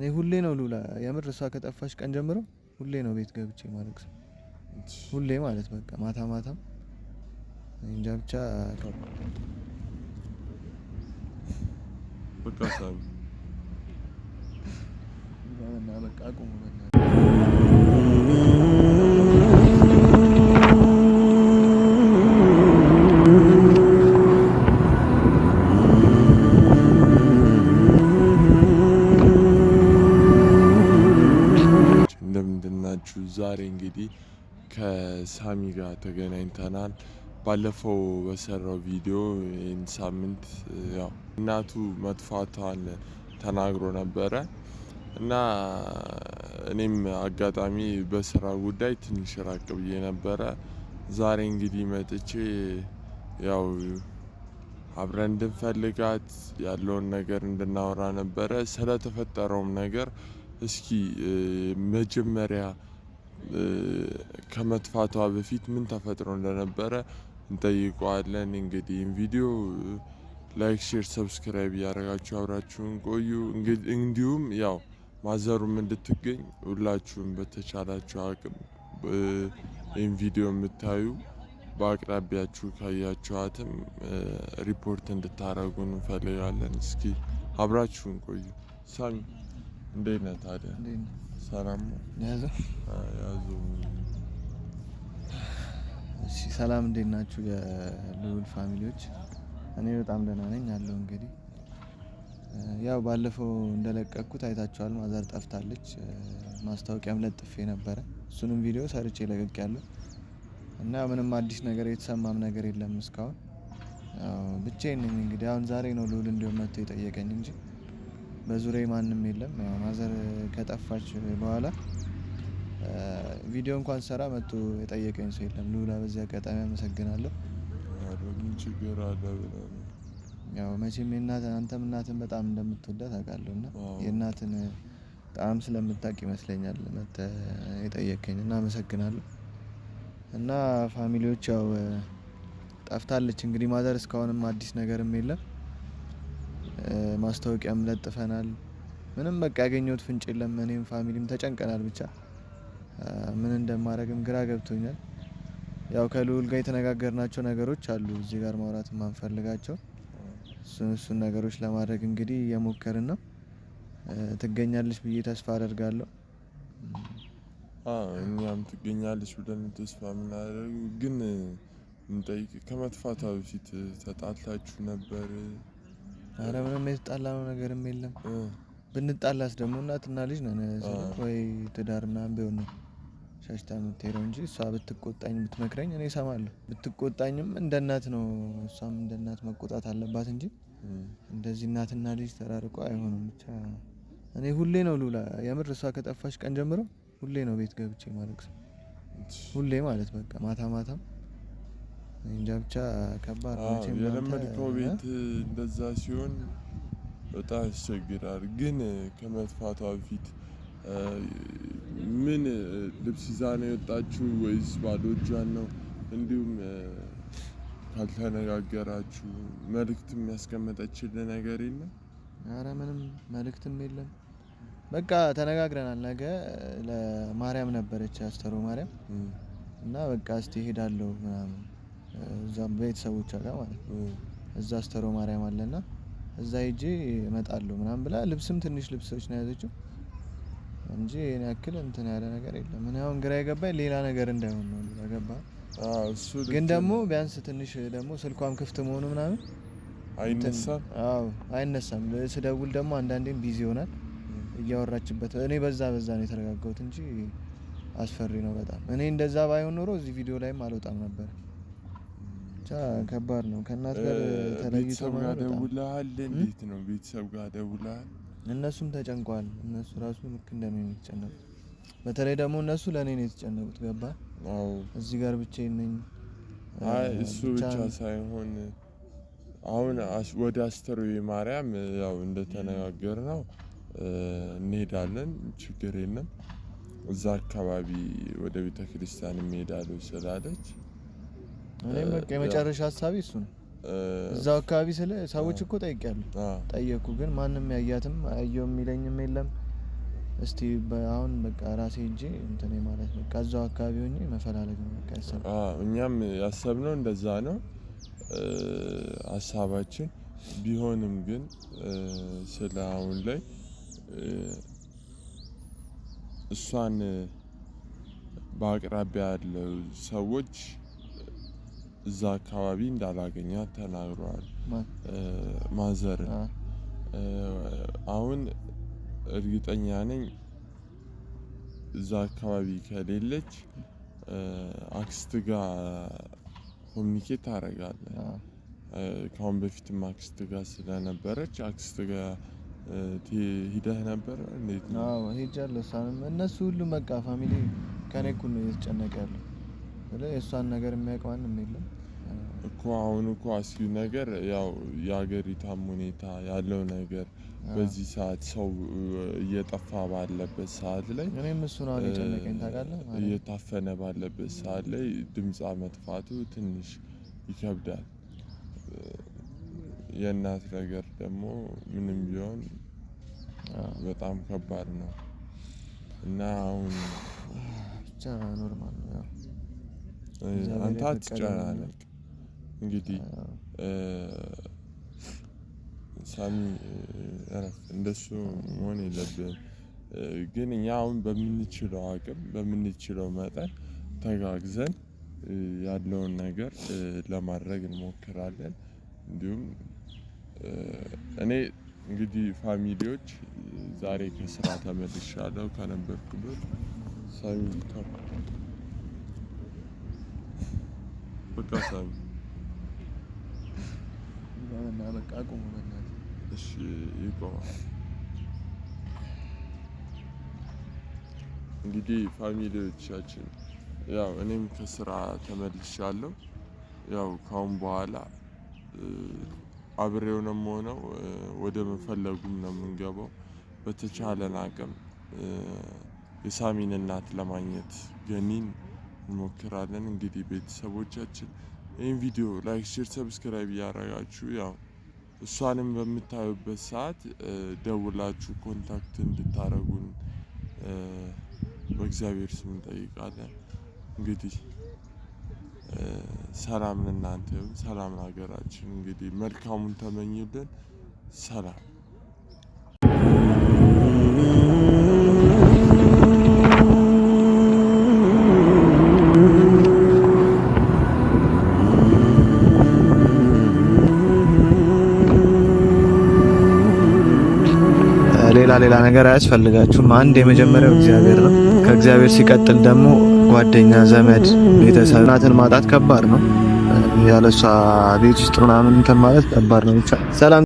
እኔ ሁሌ ነው ሉላ፣ የምር እሷ ከጠፋሽ ቀን ጀምሮ ሁሌ ነው ቤት ገብቼ ማድረግ ሰው ሁሌ ማለት በቃ ማታ ማታም እንጃ ብቻ በቃ ዛሬ እንግዲህ ከሳሚ ጋር ተገናኝተናል። ባለፈው በሰራው ቪዲዮ ይህን ሳምንት ያው እናቱ መጥፋቷን ተናግሮ ነበረ እና እኔም አጋጣሚ በስራ ጉዳይ ትንሽ ራቅ ብዬ ነበረ። ዛሬ እንግዲህ መጥቼ ያው አብረን እንድንፈልጋት ያለውን ነገር እንድናወራ ነበረ። ስለተፈጠረውም ነገር እስኪ መጀመሪያ ከመጥፋቷ በፊት ምን ተፈጥሮ እንደነበረ እንጠይቀዋለን። እንግዲህ ቪዲዮ ላይክ፣ ሼር፣ ሰብስክራይብ እያደረጋችሁ አብራችሁን ቆዩ። እንዲሁም ያው ማዘሩም እንድትገኝ ሁላችሁም በተቻላችሁ አቅም ይህን ቪዲዮ የምታዩ በአቅራቢያችሁ ካያችኋትም ሪፖርት እንድታደርጉን እንፈልጋለን። እስኪ አብራችሁን ቆዩ። ሳሚ እንዴት ነህ ታዲያ? ሰላም ሰላም፣ እንዴት ናችሁ የልዑል ፋሚሊዎች? እኔ በጣም ደህና ነኝ አለው። እንግዲህ ያው ባለፈው እንደለቀኩት አይታችኋል። ማዘር ጠፍታለች። ማስታወቂያም ለጥፌ ነበረ። እሱንም ቪዲዮ ሰርቼ ለቅቅ ያለው እና ምንም አዲስ ነገር የተሰማም ነገር የለም እስካሁን ብቻዬን ነኝ። እንግዲህ አሁን ዛሬ ነው ልዑል እንዲሁም መጥቶ የጠየቀኝ እንጂ በዙሪያ ማንም የለም። ማዘር ከጠፋች በኋላ ቪዲዮ እንኳን ሰራ መጥቶ የጠየቀኝ ሰው የለም። ሉላ በዚህ አጋጣሚ አመሰግናለሁ። ያው መቼም አንተም እናትን በጣም እንደምትወዳት አውቃለሁ እና የእናትን ጣም ስለምታውቅ ይመስለኛል መተ የጠየቀኝ እና አመሰግናለሁ። እና ፋሚሊዎች ያው ጠፍታለች እንግዲህ ማዘር እስካሁንም አዲስ ነገርም የለም። ማስታወቂያም ለጥፈናል። ምንም በቃ ያገኘሁት ፍንጭ የለም። እኔም ፋሚሊም ተጨንቀናል። ብቻ ምን እንደማድረግም ግራ ገብቶኛል። ያው ከልዑል ጋር የተነጋገርናቸው ነገሮች አሉ እዚህ ጋር ማውራት የማንፈልጋቸው እሱን እሱን ነገሮች ለማድረግ እንግዲህ እየሞከርን ነው። ትገኛለች ብዬ ተስፋ አደርጋለሁ። እኛም ትገኛለች ብለን ተስፋ የምናደርግ ግን እንጠይቅ ከመጥፋቷ በፊት ተጣላችሁ ነበር ኧረ ምንም የተጣላነው ነገርም የለም። ብንጣላስ ደግሞ እናትና ልጅ ነን ወይ ትዳር ምናምን ቢሆን ነው ሸሽታ የምትሄደው እንጂ እሷ ብትቆጣኝ ብትመክረኝ እኔ እሰማለሁ። ብትቆጣኝም እንደ እናት ነው። እሷም እንደ እናት መቆጣት አለባት እንጂ እንደዚህ እናትና ልጅ ተራርቆ አይሆንም። ብቻ እኔ ሁሌ ነው ሉላ፣ የምር እሷ ከጠፋች ቀን ጀምሮ ሁሌ ነው ቤት ገብቼ ማለቅሰው። ሁሌ ማለት በቃ ማታ ማታም እንጃ ብቻ ከባድ የለመድከው ቤት እንደዛ ሲሆን በጣም ያስቸግራል። ግን ከመጥፋቷ በፊት ምን ልብስ ይዛ ነው የወጣችሁ ወይስ ባዶ እጇን ነው? እንዲሁም ካልተነጋገራችሁ መልእክት የሚያስቀመጠችልን ነገር የለም? አረ ምንም መልእክትም የለም። በቃ ተነጋግረናል። ነገ ለማርያም ነበረች አስተሮ ማርያም እና በቃ እስቲ ሄዳለሁ ምናምን እዛም ቤተሰቦቿ ማለት ነው። እዛ አስተሮ ማርያም አለና እዛ ሄጄ እመጣለሁ ምናምን ብላ ልብስም ትንሽ ልብሶች ነው የያዘችው እንጂ እኔ ያክል እንትን ያለ ነገር የለም። እኔ አሁን ግራ የገባኝ ሌላ ነገር እንዳይሆን ነው። ገባ ግን ደግሞ ቢያንስ ትንሽ ደግሞ ስልኳም ክፍት መሆኑ ምናምን አይነሳም። አዎ አይነሳም። ስደውል ደግሞ አንዳንዴም ቢዚ ይሆናል እያወራችበት። እኔ በዛ በዛ ነው የተረጋጋሁት እንጂ አስፈሪ ነው በጣም። እኔ እንደዛ ባይሆን ኖሮ እዚህ ቪዲዮ ላይም አልወጣም ነበር። ከባድ ነው። ከእናት ጋር ተለይቶ ጋር እንዴት ነው ቤተሰብ ጋር እነሱም ተጨንቋል። እነሱ ራሱ ልክ እንደኔ ነው የተጨነቁት። በተለይ ደግሞ እነሱ ለእኔ ነው የተጨነቁት። ገባ እዚህ ጋር ብቻዬን ነኝ። እሱ ብቻ ሳይሆን አሁን ወደ አስተሩ ማርያም ያው እንደተነጋገር ነው እንሄዳለን፣ ችግር የለም። እዛ አካባቢ ወደ ቤተ ክርስቲያን ስላለች የመጨረሻ ሀሳቢ እሱ ነው። እዛው አካባቢ ስለ ሰዎች እኮ ጠይቄያለሁ፣ ጠየኩ፣ ግን ማንም ያያትም አየው የሚለኝም የለም። እስቲ አሁን በቃ ራሴ እንጂ እንትን ማለት በቃ እዛው አካባቢ ሆኜ መፈላለግ ነው በቃ ያሰብ እኛም ያሰብነው እንደዛ ነው ሀሳባችን። ቢሆንም ግን ስለ አሁን ላይ እሷን በአቅራቢያ ያለው ሰዎች እዛ አካባቢ እንዳላገኛት ተናግረዋል። ማዘር አሁን እርግጠኛ ነኝ እዛ አካባቢ ከሌለች አክስት ጋር ኮሚኒኬት ታደርጋለህ። ከአሁን በፊትም አክስት ጋር ስለነበረች አክስት ጋር ሂደህ ነበር? እንዴት ነው? ሄጃለሁ። እነሱ ሁሉም በቃ ፋሚሊ ከኔ እኩል ነው እየተጨነቀ ያለው የእሷን ነገር የሚያውቅ ማንም የለም እኮ አሁን እኮ አስኪ ነገር ያው የሀገሪቷም ሁኔታ ያለው ነገር በዚህ ሰዓት ሰው እየጠፋ ባለበት ሰዓት ላይ እኔም እሱ ነው ጨነቀኝ ታውቃለህ። እየታፈነ ባለበት ሰዓት ላይ ድምፅ መጥፋቱ ትንሽ ይከብዳል። የእናት ነገር ደግሞ ምንም ቢሆን በጣም ከባድ ነው እና አሁን ብቻ ኖርማል ነው። አንተ አትጨናነቅ። እንግዲህ ሳሚ እንደሱ መሆን የለብህም። ግን እኛ አሁን በምንችለው አቅም በምንችለው መጠን ተጋግዘን ያለውን ነገር ለማድረግ እንሞክራለን። እንዲሁም እኔ እንግዲህ ፋሚሊዎች ዛሬ ከስራ ተመልሻለሁ ከነበርኩበት ሳሚ በቃ ሳሚ እና በቃ ቁሙ በእናትህ። እሺ ይቆማል። እንግዲህ ፋሚሊዎቻችን ያው እኔም ከስራ ተመልሻለሁ። ያው ካሁን በኋላ አብሬው ነው የምሆነው። ወደ መፈለጉም ነው የምንገባው። በተቻለን አቅም የሳሚን እናት ለማግኘት ገኒን እንሞክራለን። እንግዲህ ቤተሰቦቻችን ይህን ቪዲዮ ላይክ፣ ሼር፣ ሰብስክራይብ እያረጋችሁ ያው እሷንም በምታዩበት ሰዓት ደውላችሁ ኮንታክት እንድታረጉን በእግዚአብሔር ስም እንጠይቃለን። እንግዲህ ሰላም ለእናንተ ሰላም ለሀገራችን። እንግዲህ መልካሙን ተመኝልን። ሰላም ሌላ ሌላ ነገር አያስፈልጋችሁም። አንድ የመጀመሪያው እግዚአብሔር ነው። ከእግዚአብሔር ሲቀጥል ደግሞ ጓደኛ፣ ዘመድ፣ ቤተሰብ። እናትን ማጣት ከባድ ነው። ያለሷ ቤት ውስጥ ምናምን እንትን ማለት ከባድ ነው። ብቻ ሰላም